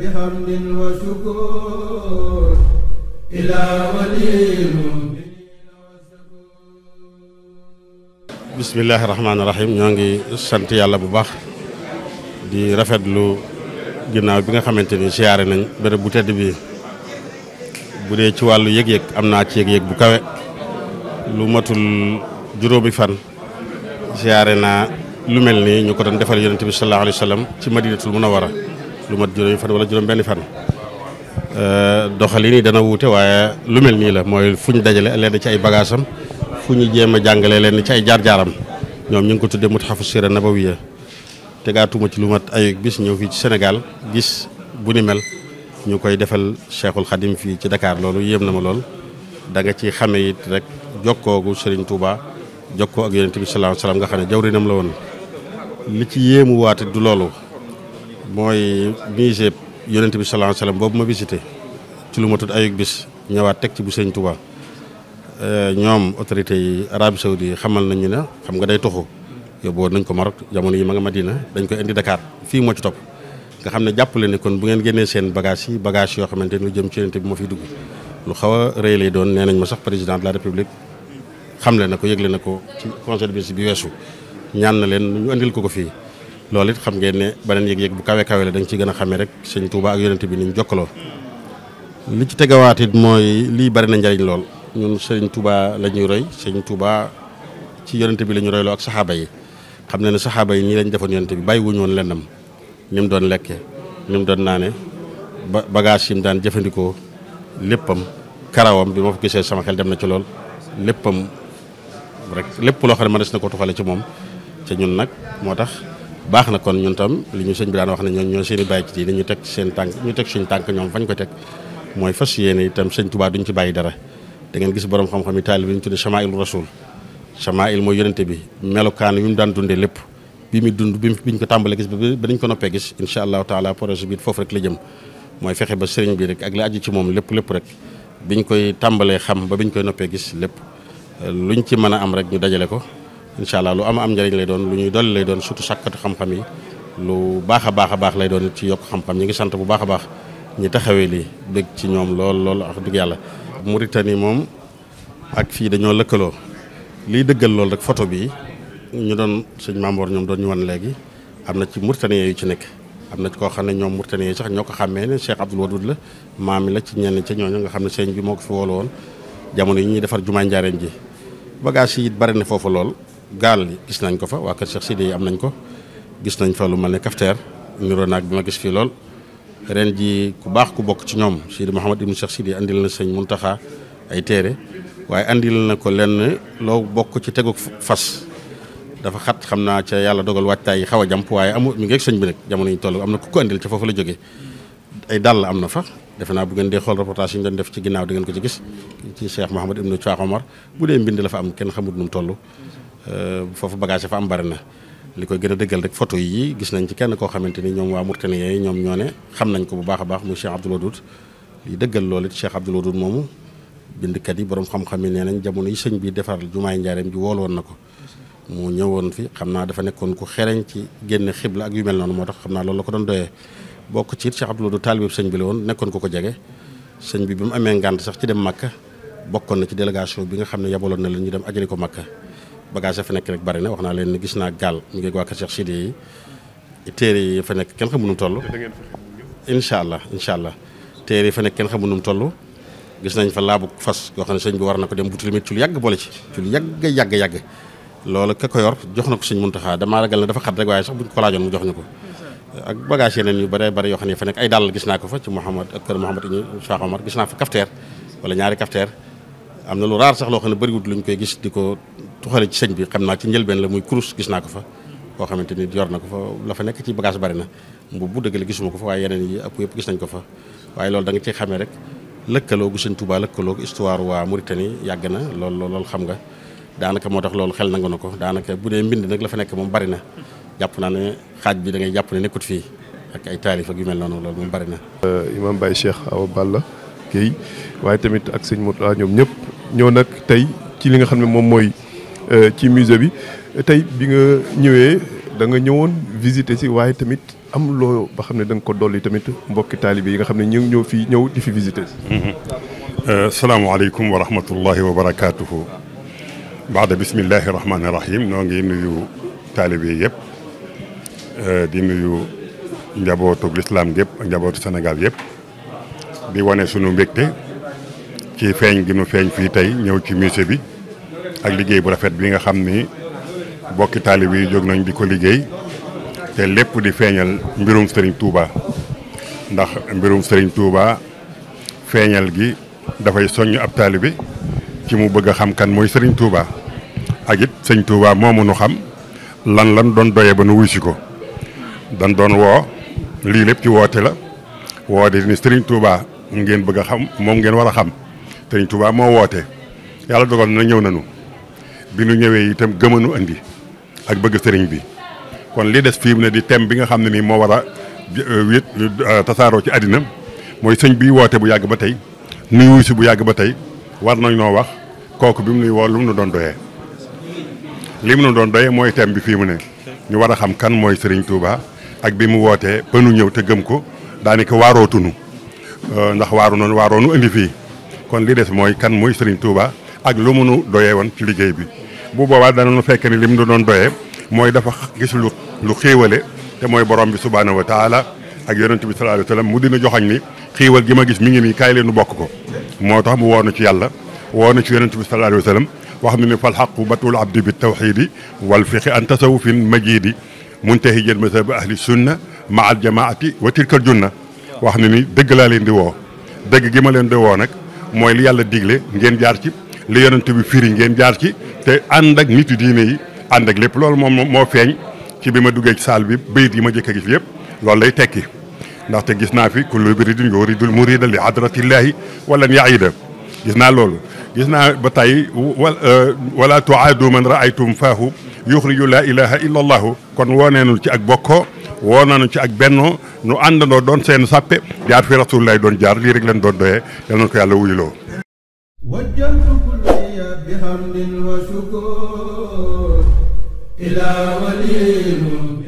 بحمد وشكر إلى ولي bismillaahi rahmaani rahiim ñoo ngi sant yàlla bu baax di rafetlu ginnaaw bi nga xamante ni siyaare nañ bërëb bu tedd bi bu dee ci wàllu yég yëg am naa ci yëg-yëg bu kawe lu matul juróomi fan siyaare naa lu mel nii ñu ko doon defal yonent bi sallallaahu alayhi wa sallam ci madinatul munawwara lu mat juróomi fan wala juróom benn fan euh, doxalin yi dana wuute waaye lu mel nii la mooy fu ñu dajale lenn ci ay bagaasam fu ñu jéem a jàngale leen ci ay jaar-jaaram ñoom ñu ngi ko tuddee Muthafu Sira Nabawiya tegaatuma ci lu mat ay bis ñëw fii ci Sénégal gis bu ni mel ñu koy defal Cheikhul Khadim fii ci Dakar loolu yéem na ma lool da nga ci xame it rek jokkoogu Serigne Touba jokkoo ak yonent bi sallallahu alayhi wasallam nga xam ne jawrinam la woon ci yéemu waate du loolu mooy musée yonent bi sallallahu alayhi wasallam boobu ma visité ci lu ma tudd ayug bis ñawaat teg ci bu sëñ Touba euh, ñoom autorités yi Arabie Saoudi xamal nañu ne xam nga day toxu yóbbu woon nañ ko Maroc jamono yi ma nga Madina dañ koy indi Dakar fii moo ci topp nga xam ne jàppale ne kon bu ngeen génnee seen bagage yi bagage yoo xamante ni lu jëm ci yonent bi moo fiy dugg lu xaw a rëy lay doon nee nañ ma sax président de la république xamle na ko yëgle na ko ci conseil bi weesu ñaan na leen ñu andil ko ko fii loolu it xam ngeen ne beneen yëg-yëg bu kawe kawe la da ci gën a xamee rek sëñ Touba ak yonent bi ni ñu jokkaloo li ci tegawaat it mooy lii bari na njariñ lool ñun sëñ Touba la ñuy roy sëñ Touba ci yonent bi la ñu royloo ak saxaaba yi xam na ne saxaaba yi nii lañ defoon yonent bi bàyyi wuñu woon lennam ni mu doon lekke ni mu doon naane ba bagage yi mu daan jëfandikoo léppam karawam bi ma fa gisee sama xel dem na ci lool léppam rek lépp loo xam ne ma na ko ci moom te ñun nag moo tax baax na kon ñun tam li ñu sëñ bi daan wax ne ñoo ñoo seen i bàyyi ci diine ñu teg seen tànk ñu teg suñu tànk ñoom fañ ko teg mooy fas yéene itam sëñ Tuubaa duñu ci bàyyi dara da ngeen gis borom xam-xam yi taalib yi ñu tudde shamaa'ilu rasul shamaa'il mooy yonente bi melokaan yu mu daan dundee lépp bi muy dund bi ñu ko tàmbalee gis ba niñ ko noppee gis incha allahu taala projet bi foofu rek la jëm mooy fexe ba sëriñ bi rek ak la aju ci moom lépp lépp rek bi ñu koy tàmbalee xam ba bi biñ koy noppee gis lépp luñ ci mën a am rek ñu dajale ko incha allah lu am am njëriñ lay doon lu ñuy dolli lay doon surtout sàkkatu xam-xam yi lu baax a baax a baax lay doon ci yokk xam-xam ñi ngi sant bu baax baax ñi taxawee lii bëgg ci ñoom lool lool wax dugg yàlla. Mauritanie moom ak fii dañoo lëkkaloo lii dëggal lool rek foto bi ñu doon sëñ Mamboor ñoom doon ñu wan léegi am na ci Mauritanie yu ci nekk. am na koo xam ne ñoom Mauritanie sax ñoo ko xàmmee ne Cheikh Abdoul Wadoud la maam mi la ci ñenn ca ñooñu nga xam ne sëñ bi moo ko fi jamono yi ñuy defar jumaa njaareem ji bagage yi it bari na foofu lool gaal gis nañ ko fa waa kër Cheikh Sidi am nañ ko gis nañ fa lu mel ne kafteer niroo naag bi ma gis fii lool ren ji ku baax ku bokk ci ñoom Sidi Mouhamed Ibn Cheikh Sidi andil na sëñ Muntaxa ay téere waaye andil na ko lenn loo bokk ci tegu fas dafa xat xam naa ca yàlla dogal waajtaay yi xaw a jàmp waaye amu mi ngi ak bi nag jamono yi toll am na ku ko andil foofu la jógee ay dàll am na fa defe naa bu ngeen dee xool reportage yi def ci ginnaaw di ngeen ko ci gis ci Cheikh Mouhamed Ibn Cheikh Omar bu dee mbind la fa am kenn xamut nu mu toll Euh, foofu bagage fa am bari na li koy gën a dëggal rek photo yii gis nañ ci kenn koo xamante ni ñoom waa Mauritanie yi ñoom ñoo ne xam nañ ko bu baax a baax muy Cheikh Abdoul Wadoud yi dëggal loolu it Cheikh Abdoul Wadoud moomu bindkat yi borom xam yi nee nañ jamono yi sëñ bi defar jumaay njaareem ji wooloon na ko mu ñëwoon fi xam naa dafa nekkoon ku xereñ ci génn xibla ak yu mel noonu moo tax xam naa loolu la ko doon doyee bokk ci it Cheikh Abdoul Wadoud taalibe sëñ bi la woon nekkoon ko ko jege sëñ bi bi mu amee ngànt sax ci dem Makka bokkoon na ci délégation bi nga xam ne yabaloon na leen ñu dem ajali ko Makka bagage ya nekk rek bari na wax naa leen ni gis naa gaal mu ngi fa nekk kenn xamu nu toll. incha allah incha allah téere yi fa nekk kenn xamu mu toll. gis nañ fa laabu fas yoo xam ne sëñ bi war na ko dem butu limit ci lu yàgg boole ci ci lu jox na ko sëñ Muntaxa damaa ragal ne dafa xat rek waaye sax buñ ko laajoon jox ñu ko ak bagage yeneen yu bare bari yoo xam ne fa nekk ay dàll gis naa ko fa ci Mouhamad ak kër Mouhamad iñu Cheikh Omar gis naa fa kafteer wala ñaari kafteer am na lu raar sax loo xam ne bëriwut luñ koy gis di ko tuxale ci señ bi xam naa ci njëlbeen la muy kurus gis naa ko fa koo xamante ni yor na ko fa la fa nekk ci bagage bari na bu dëgg la gisuma ko fa waaye yeneen yi ëpp yëpp gis nañ ko fa waaye loolu danga nga ci xamee rek lëkkaloogu sëñ Touba lëkkaloogu histoire waa Mauritanie yàgg na lool lool xam nga daanaka moo tax loolu xel nangu na ko daanaka bu dee mbind nag la fa nekk moom bari na jàpp naa ne xaaj bi dangay ngay jàpp ne nekkut fii ak ay taalif ak yu mel noonu loolu moom bari na euh, Imam Baye Cheikh Awa Balla Guèye waaye tamit ak sëñ Moutala ñoom ñëpp ñëw nag tey ci li nga xam ne moom mooy Euh, ci musée bi tey bi nga ñëwee danga nga ñëwoon visiter si waaye tamit am loo ba xam ne danga ko dolli tamit mbokki taalibe yi nga xam ne ñu ñëw fii ñëw di fi visiter si mhm. euh, salaamaaleykum wa rahmatullahi wa barakaatuhu baada bismillahi rahmaani rahim noo ngi nuyu taalibe yëpp euh, di nuyu njabootu lislaam gépp njabootu senegal yëpp di wane sunu mbégte ci feeñ gi nu feeñ fii tey ñëw ci musée bi ak liggéey bu rafet bii nga xam ni bokki taalib yi jóg nañ di ko liggéey te lépp di feeñal mbirum sëriñ Touba ndax mbirum sëriñ Touba feeñal gi dafay soññ ab taalib bi ci mu bëgg a xam kan mooy Serigne Touba ak it sëñ Touba moomu nu xam lan lan doon doye ba nu wuy si ko dan doon woo lii lépp ci woote la woo di ni Serigne Touba ngeen bëgg xam moom ngeen war a xam sëriñ Touba moo woote yàlla dogal na ñëw nañu. bi nu ñëwee itam gëmanu andi ak bëgg sëriñ bi kon lii des fii mu ne di thème bi nga xam ne nii moo wara a euh, euh, tasaaroo ci àddina mooy sëñ bi woote bu yàgg ba tey nuyu bu yàgg ba tey war nañ noo wax kooku bi mu woo lu mu nu doon doyee li mu nu doon doyee mooy thème bi fii mu ne ñu war a xam kan mooy sëriñ Touba ak bi mu wootee ba nu ñëw te gëm ko daanaka waarootunu euh, ndax waaru noonu waaroonu indi fii kon li des mooy kan mooy sëriñ Touba ak lu mu nu doyee woon ci liggéey bi bu boobaa danañu fekk ni lim du doon doyee mooy dafa gis lu lu xéewale te mooy borom bi subhaanahu wa taala ak yonent bi sallallahu alayhi wa sallam mu dina joxañ ni xéewal gi ma gis mi ngi nii kaay leen nu bokk ko moo tax mu woo na ci yàlla woo na ci yonent bi sallallahu alayhi wa sallam wax na ni fal xaqu batul abdi bi tawxiidi wal fiqi an tasawufin majiidi muntahi jën masab ahli sunna ma al jamaati wa tilkal junna wax na ni dëgg laa leen di woo dëgg gi ma leen di woo nag mooy li yàlla digle ngeen jaar ci li yonent bi firi ngeen jaar ci te ànd ak nit diine yi ànd ak lépp loolu moom moo feeñ ci bi ma duggee ci saal bi bayit yi ma jëkk a gis yëpp loolu lay tekki ndaxte gis naa fi kullu biridin yuridul murida li hadratillahi walan yaida gis naa loolu gis naa ba tey euh, wala tuaadu man raaytum faahu yuxriju la ilaha illa allahu kon wooneenul ci ak bokkoo woo nañu ci ak bennoo nu àndandoo doon seen sappe jaar fi rasulullah doon jaar lii rek leen doon yàlla wuyuloo وجهت كلي بحمد وشكر إلى ولي